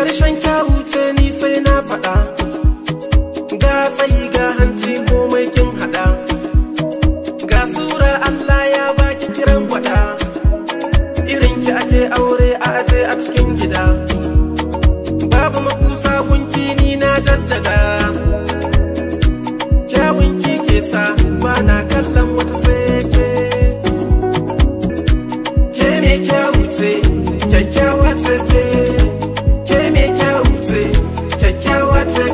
karshen kyawuce ni sai na faɗa ga tsayi ga hanci komai kin haɗa ga sura Allah ya baki kiran gwada irinki ake aure a aje a cikin gida babu makusa gunki ni na jajjaga kyawunki ke sa ba na kallon wata sai ke ke ne kyawu kyakkyawa ce ke na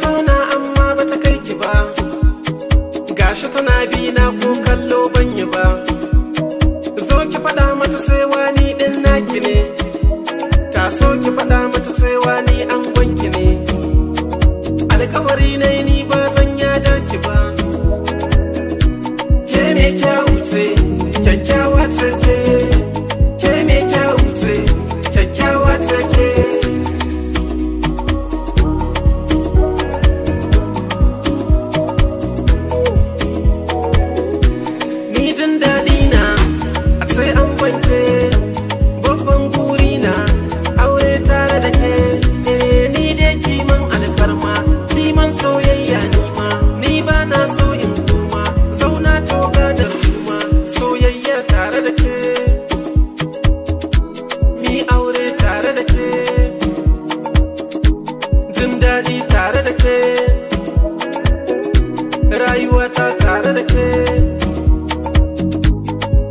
suna amma bata kai ki ba gashi tana bi na ko kallo ban ya wuce kyakkyawa take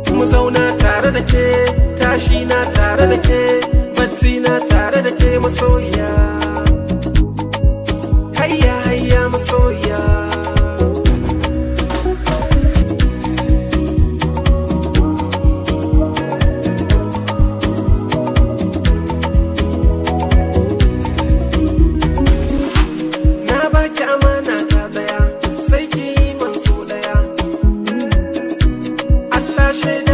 ce mu zauna tare da ke tashi na tare da ke bacci na tare da ke masoyiya hayya hayya masoyiya na baki shit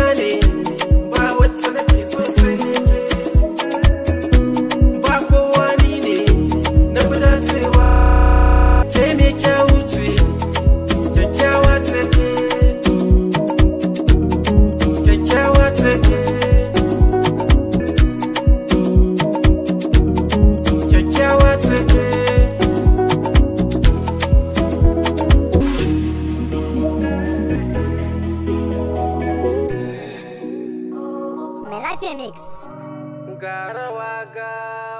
Dynamics. Garawaga.